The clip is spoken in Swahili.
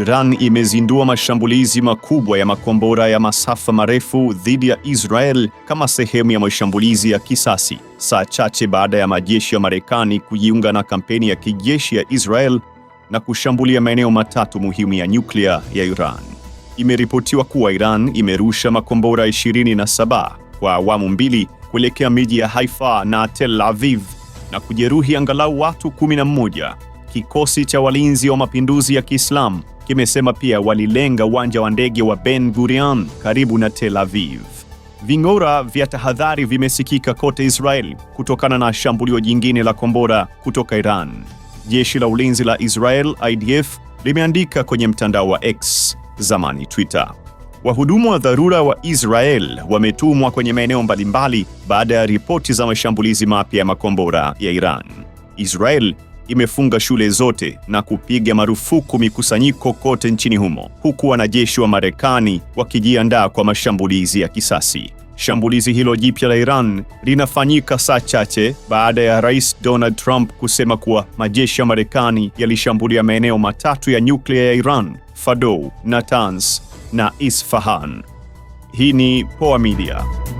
Iran imezindua mashambulizi makubwa ya makombora ya masafa marefu dhidi ya Israel kama sehemu ya mashambulizi ya kisasi, saa chache baada ya majeshi ya Marekani kujiunga na kampeni ya kijeshi ya Israel na kushambulia maeneo matatu muhimu ya nyuklia ya Iran. Imeripotiwa kuwa Iran imerusha makombora 27 kwa awamu mbili kuelekea miji ya Haifa na Tel Aviv na kujeruhi angalau watu 11. Kikosi cha walinzi wa mapinduzi ya Kiislamu kimesema pia walilenga uwanja wa ndege wa Ben Gurion karibu na Tel Aviv. Ving'ora vya tahadhari vimesikika kote Israel kutokana na shambulio jingine la kombora kutoka Iran. Jeshi la ulinzi la Israel IDF limeandika kwenye mtandao wa X, zamani Twitter. Wahudumu wa dharura wa Israel wametumwa kwenye maeneo mbalimbali baada ya ripoti za mashambulizi mapya ya makombora ya Iran. Israel imefunga shule zote na kupiga marufuku mikusanyiko kote nchini humo, huku wanajeshi wa Marekani wakijiandaa kwa mashambulizi ya kisasi. Shambulizi hilo jipya la Iran linafanyika saa chache baada ya Rais Donald Trump kusema kuwa majeshi ya Marekani yalishambulia maeneo matatu ya nyuklia ya Iran, Fordow, Natanz na Isfahan. Hii ni Poa Media.